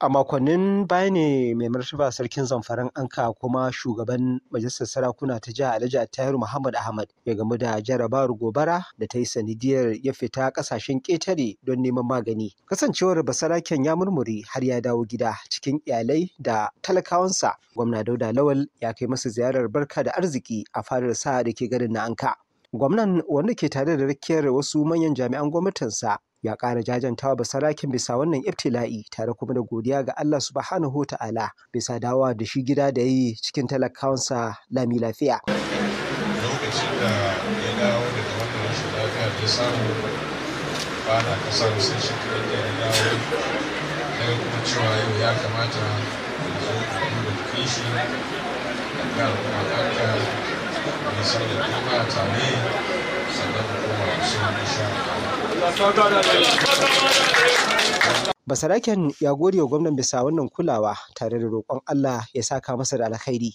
a makonnin baya ne mai martaba sarkin zamfaran anka kuma shugaban majalisar sarakuna ta jiha alhaji attahiru muhammad ahmad ya gamu da jarabawar gobara da ta yi sanidiyar ya fita kasashen ƙetare don neman magani kasancewar basaraken ya murmure har ya dawo gida cikin iyalai da talakawansa gwamna dauda lawal ya kai masa ziyarar barka da arziki a fadar sa da ke garin na anka gwamnan wanda ke tare da rakiyar wasu manyan jami'an gwamnatinsa ya ƙara jajantawa basarakin bisa wannan ibtila'i tare kuma da godiya ga Allah subhanahu ta'ala bisa dawa da shi gida da yi cikin talakawansa lami lafiya. Lokacin da ya dawo daga wannan shiga da samu ba na kasar sai shi kaɗan da ya dawo daga kuma cewa yau ya kamata ya zo a duba jikin shi da kuma ɗanka da da kuma tare basaraken ya gode wa gwamnan bisa wannan kulawa tare da roƙon allah ya saka masa da alkhairi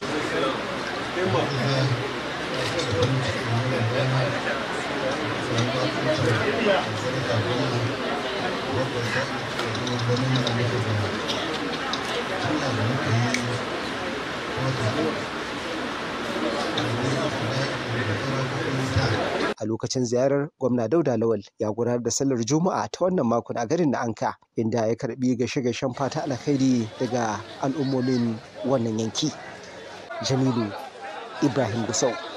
Thank you. a lokacin ziyarar gwamna Dauda Lawal ya gudanar da sallar Juma'a ta wannan makon a garin na Anka inda ya karbi gashe-gashen fata alkhairi daga al'ummomin wannan yanki. Jamilu Ibrahim Gusau.